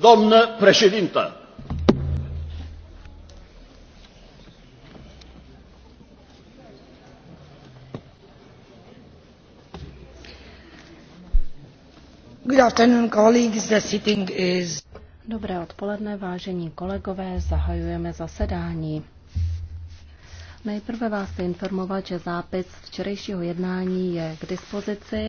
Doamnă președintă! Good afternoon, colleagues. The sitting is... Dobré odpoledne, vážení kolegové, zahajujeme zasedání. Nejprve vás informovat, že zápis včerejšího jednání je k dispozici.